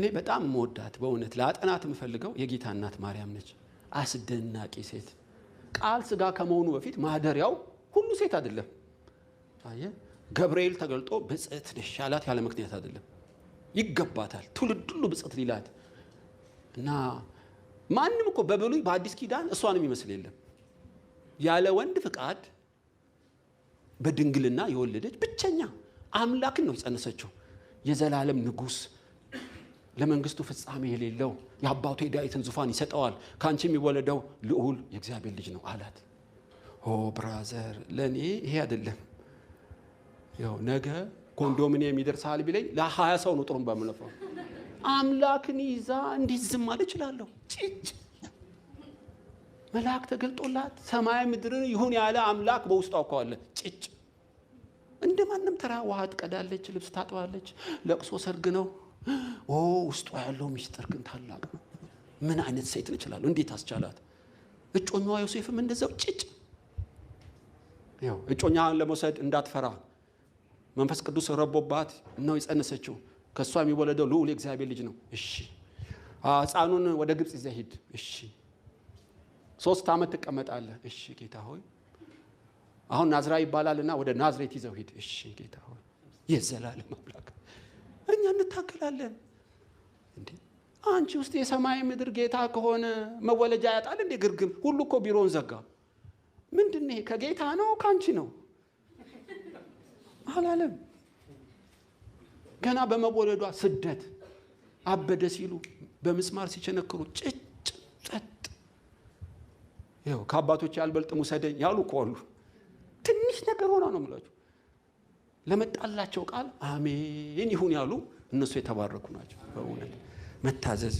እኔ በጣም መወዳት በእውነት ለአጠናት የምፈልገው የጌታ እናት ማርያም ነች። አስደናቂ ሴት ቃል ስጋ ከመሆኑ በፊት ማደሪያው ሁሉ ሴት አይደለም። ገብርኤል ተገልጦ ብጽዕት ነሽ አላት ያለ ምክንያት አይደለም። ይገባታል። ትውልድ ሁሉ ብጽዕት ሊላት እና ማንም እኮ በብሉይ በአዲስ ኪዳን እሷንም ይመስል የለም። ያለ ወንድ ፍቃድ በድንግልና የወለደች ብቸኛ አምላክን ነው የጸነሰችው የዘላለም ንጉሥ ለመንግስቱ ፍጻሜ የሌለው የአባቱ የዳዊትን ዙፋን ይሰጠዋል፣ ከአንቺ የሚወለደው ልዑል የእግዚአብሔር ልጅ ነው አላት። ሆ ብራዘር፣ ለእኔ ይሄ አይደለም። ያው ነገ ኮንዶሚኒየም ይደርሳል ቢለኝ ለሀያ ሰው ነው ጥሩም በምነፋው አምላክን ይዛ እንዴት ዝም ማለት እችላለሁ? ጭጭ መልአክ ተገልጦላት ሰማይ ምድርን ይሁን ያለ አምላክ በውስጧ እኮ አለ። ጭጭ እንደ ማንም ተራ ውሃ ትቀዳለች፣ ልብስ ታጥባለች። ለቅሶ ሰርግ ነው። ውስጧ ያለው ሚስጥር ግን ታላቅ ነው። ምን አይነት ሴት እንችላለሁ? እንዴት አስቻላት? እጮኛዋ ዮሴፍም እንደዛው ጭጭ ያው እጮኛዋን ለመውሰድ እንዳትፈራ መንፈስ ቅዱስ ረቦባት ነው የጸነሰችው። ከእሷ የሚወለደው ልዑል የእግዚአብሔር ልጅ ነው። እሺ ህፃኑን ወደ ግብፅ ይዘህ ሂድ። እሺ ሶስት ዓመት ትቀመጣለህ። እሺ ጌታ ሆይ አሁን ናዝራ ይባላልና ወደ ናዝሬት ይዘው ሂድ። እሺ ጌታ ሆይ የዘላለም አምላክ እኛ እንታገላለን። እንዴ አንቺ ውስጥ የሰማይ ምድር ጌታ ከሆነ መወለጃ ያጣል እንዴ? ግርግም ሁሉ እኮ ቢሮውን ዘጋ። ምንድን ይሄ ከጌታ ነው ከአንቺ ነው አላለም። ገና በመወለዷ ስደት አበደ ሲሉ በምስማር ሲቸነክሩ ጭጭ ጸጥ። ይኸው ከአባቶች ያልበልጥም ውሰደኝ ያሉ እኮ አሉ። ትንሽ ነገር ሆና ነው የምላችሁ። ለመጣላቸው ቃል አሜን ይሁን ያሉ እነሱ የተባረኩ ናቸው። በእውነት መታዘዝ